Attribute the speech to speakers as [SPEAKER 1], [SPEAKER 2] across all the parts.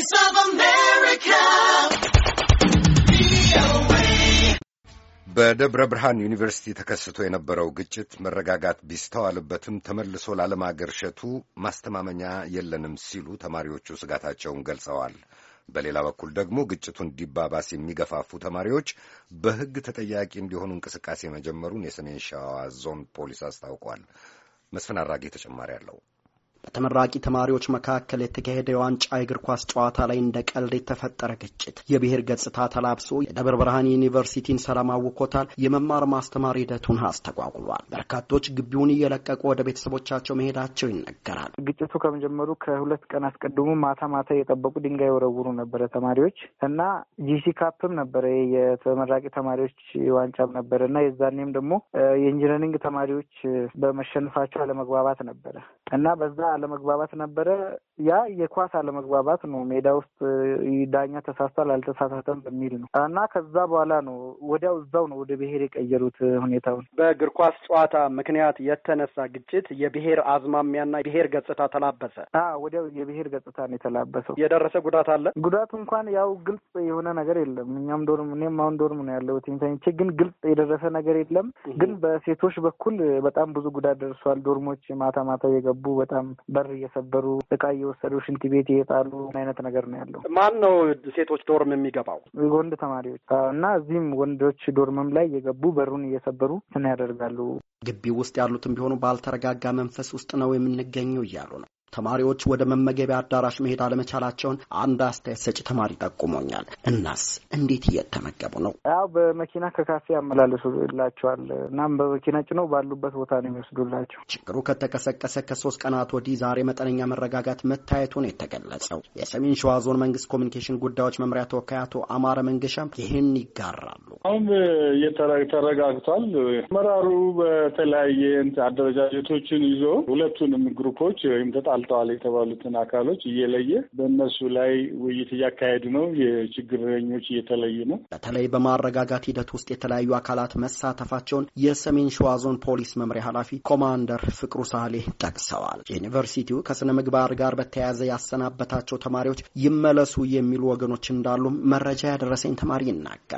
[SPEAKER 1] Voice of America.
[SPEAKER 2] በደብረ ብርሃን ዩኒቨርሲቲ ተከስቶ የነበረው ግጭት መረጋጋት ቢስተዋልበትም ተመልሶ ላለማገርሸቱ ማስተማመኛ የለንም ሲሉ ተማሪዎቹ ስጋታቸውን ገልጸዋል። በሌላ በኩል ደግሞ ግጭቱ እንዲባባስ የሚገፋፉ ተማሪዎች በሕግ ተጠያቂ እንዲሆኑ እንቅስቃሴ መጀመሩን የሰሜን ሸዋ ዞን ፖሊስ አስታውቋል። መስፍን አራጌ ተጨማሪ አለው።
[SPEAKER 1] በተመራቂ ተማሪዎች መካከል የተካሄደ የዋንጫ እግር ኳስ ጨዋታ ላይ እንደ ቀልድ የተፈጠረ ግጭት የብሔር ገጽታ ተላብሶ የደብረ ብርሃን ዩኒቨርሲቲን ሰላም አውኮታል። የመማር ማስተማር ሂደቱን አስተጓጉሏል። በርካቶች ግቢውን እየለቀቁ ወደ ቤተሰቦቻቸው መሄዳቸው ይነገራል።
[SPEAKER 3] ግጭቱ ከመጀመሩ ከሁለት ቀን አስቀድሞ ማታ ማታ እየጠበቁ ድንጋይ ወረውሩ ነበረ ተማሪዎች እና ጂሲ ካፕም ነበረ የተመራቂ ተማሪዎች ዋንጫም ነበረ እና የዛኔም ደግሞ የኢንጂነሪንግ ተማሪዎች በመሸነፋቸው አለመግባባት ነበረ እና በዛ አለመግባባት ነበረ። ያ የኳስ አለመግባባት ነው። ሜዳ ውስጥ ዳኛ ተሳስቷል አልተሳሳተም በሚል ነው እና ከዛ በኋላ ነው ወዲያው እዛው ነው ወደ ብሔር የቀየሩት ሁኔታውን።
[SPEAKER 2] በእግር ኳስ ጨዋታ ምክንያት የተነሳ ግጭት የብሔር አዝማሚያና የብሔር ገጽታ ተላበሰ። ወዲያው የብሔር ገጽታ ነው የተላበሰው። የደረሰ ጉዳት አለ?
[SPEAKER 3] ጉዳቱ እንኳን ያው ግልጽ የሆነ ነገር የለም። እኛም ዶርም፣ እኔም አሁን ዶርም ነው ያለሁት ተኝቼ፣ ግን ግልጽ የደረሰ ነገር የለም። ግን በሴቶች በኩል በጣም ብዙ ጉዳት ደርሷል። ዶርሞች ማታ ማታ የገቡ እየገቡ በጣም በር እየሰበሩ እቃ እየወሰዱ ሽንት ቤት እየጣሉ አይነት ነገር ነው ያለው።
[SPEAKER 2] ማን ነው ሴቶች ዶርም የሚገባው?
[SPEAKER 3] ወንድ ተማሪዎች እና እዚህም
[SPEAKER 1] ወንዶች ዶርምም ላይ እየገቡ በሩን እየሰበሩ ትን ያደርጋሉ። ግቢ ውስጥ ያሉትም ቢሆኑ ባልተረጋጋ መንፈስ ውስጥ ነው የምንገኘው እያሉ ነው። ተማሪዎች ወደ መመገቢያ አዳራሽ መሄድ አለመቻላቸውን አንድ አስተያየት ሰጪ ተማሪ ጠቁሞኛል። እናስ እንዴት እየተመገቡ ነው? ያው በመኪና ከካፌ ያመላልሱላቸዋል። እናም በመኪና ጭነው ባሉበት ቦታ ነው የሚወስዱላቸው። ችግሩ ከተቀሰቀሰ ከሶስት ቀናት ወዲህ ዛሬ መጠነኛ መረጋጋት መታየቱን የተገለጸው። የሰሜን ሸዋ ዞን መንግስት ኮሚኒኬሽን ጉዳዮች መምሪያ ተወካይ አቶ አማረ መንገሻም ይህን ይጋራሉ።
[SPEAKER 4] አሁን ተረጋግቷል። መራሩ በተለያየ አደረጃጀቶችን ይዞ ሁለቱንም ግሩፖች ወይም ተጣልተዋል የተባሉትን አካሎች እየለየ በእነሱ ላይ ውይይት እያካሄዱ ነው። የችግረኞች እየተለዩ ነው።
[SPEAKER 1] በተለይ በማረጋጋት ሂደት ውስጥ የተለያዩ አካላት መሳተፋቸውን የሰሜን ሸዋ ዞን ፖሊስ መምሪያ ኃላፊ ኮማንደር ፍቅሩ ሳሌ ጠቅሰዋል። ዩኒቨርሲቲው ከስነ ምግባር ጋር በተያያዘ ያሰናበታቸው ተማሪዎች ይመለሱ የሚሉ ወገኖች እንዳሉም መረጃ ያደረሰኝ ተማሪ ይናገራል።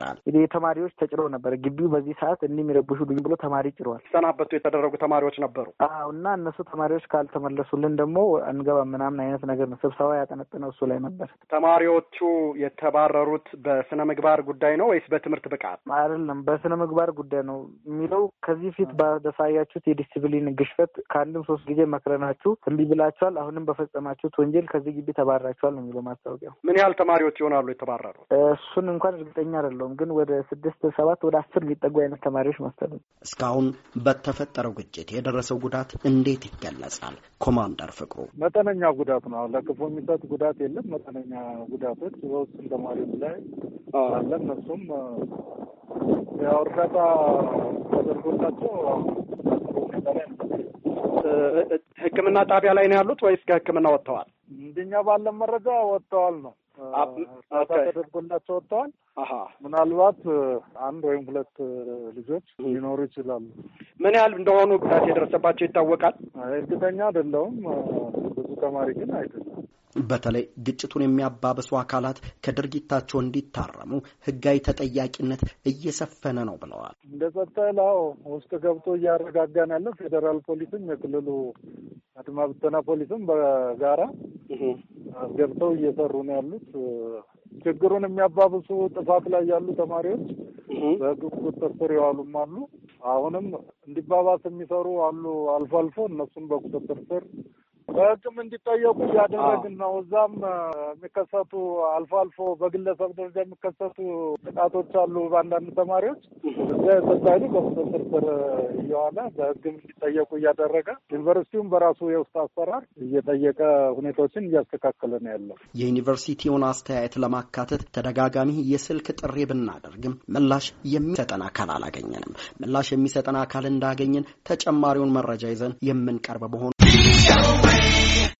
[SPEAKER 3] ተማሪዎች ተጭረው ነበር። ግቢው በዚህ ሰዓት እንዲህ የሚረብሹ ልኝ ብሎ ተማሪ ጭሯል።
[SPEAKER 2] ሰናበቱ የተደረጉ ተማሪዎች ነበሩ።
[SPEAKER 3] አዎ። እና እነሱ ተማሪዎች ካልተመለሱልን ደግሞ እንገባ ምናምን አይነት ነገር ነው። ስብሰባ ያጠነጥነው እሱ ላይ
[SPEAKER 2] ነበር። ተማሪዎቹ የተባረሩት በስነ ምግባር ጉዳይ ነው ወይስ በትምህርት ብቃት?
[SPEAKER 3] አይደለም፣ በስነ ምግባር ጉዳይ ነው የሚለው ከዚህ ፊት ባሳያችሁት የዲስፕሊን ግሽፈት ከአንድም ሶስት ጊዜ መክረናችሁ እምቢ ብላችኋል። አሁንም በፈጸማችሁት ወንጀል ከዚህ ግቢ ተባራችኋል ነው የሚለው
[SPEAKER 2] ማስታወቂያው። ምን ያህል ተማሪዎች ይሆናሉ የተባረሩት?
[SPEAKER 3] እሱን እንኳን እርግጠኛ አይደለሁም፣ ግን ወደ ስድስት
[SPEAKER 1] ሰባት ወደ አስር የሚጠጉ አይነት ተማሪዎች መሰሉ። እስካሁን በተፈጠረው ግጭት የደረሰው ጉዳት እንዴት ይገለጻል? ኮማንደር ፍቅሩ
[SPEAKER 4] መጠነኛ ጉዳት ነው። ለክፉ የሚሰጥ ጉዳት የለም። መጠነኛ ጉዳቶች በውስን ተማሪዎች ላይ አለ። እነሱም
[SPEAKER 2] ያው እርዳታ ተደርጎላቸው ሕክምና ጣቢያ ላይ ነው ያሉት ወይስ ከሕክምና ወጥተዋል?
[SPEAKER 4] እንደኛ ባለን መረጃ ወጥተዋል ነው ተደርጎላቸው ወጥተዋል። ምናልባት አንድ ወይም ሁለት ልጆች ሊኖሩ ይችላሉ። ምን ያህል እንደሆኑ ጉዳት የደረሰባቸው ይታወቃል? እርግጠኛ አይደለሁም። ብዙ ተማሪ ግን አይደለም።
[SPEAKER 1] በተለይ ግጭቱን የሚያባብሱ አካላት ከድርጊታቸው እንዲታረሙ ሕጋዊ ተጠያቂነት እየሰፈነ ነው ብለዋል።
[SPEAKER 4] እንደ ጸጥታ ላው ውስጥ ገብቶ እያረጋጋን ያለው ፌዴራል ፖሊስም የክልሉ አድማ ብተና ፖሊስም በጋራ ገብተው እየሰሩ ነው ያሉት። ችግሩን የሚያባብሱ ጥፋት ላይ ያሉ ተማሪዎች በህግ ቁጥጥር ስር የዋሉም አሉ። አሁንም እንዲባባስ የሚሰሩ አሉ። አልፎ አልፎ እነሱም በቁጥጥር ስር በህግም እንዲጠየቁ እያደረግን ነው። እዛም የሚከሰቱ አልፎ አልፎ በግለሰብ ደረጃ የሚከሰቱ ጥቃቶች አሉ። በአንዳንድ ተማሪዎች እዛ የሰዳይሉ በቁጥጥር ስር እየዋለ በህግም እንዲጠየቁ እያደረገ ዩኒቨርሲቲውም በራሱ የውስጥ አሰራር እየጠየቀ ሁኔታዎችን እያስተካከለ ነው ያለው።
[SPEAKER 1] የዩኒቨርሲቲውን አስተያየት ለማካተት ተደጋጋሚ የስልክ ጥሪ ብናደርግም ምላሽ የሚሰጠን አካል አላገኘንም። ምላሽ የሚሰጠን አካል እንዳገኘን ተጨማሪውን መረጃ ይዘን የምንቀርብ መሆኑ away.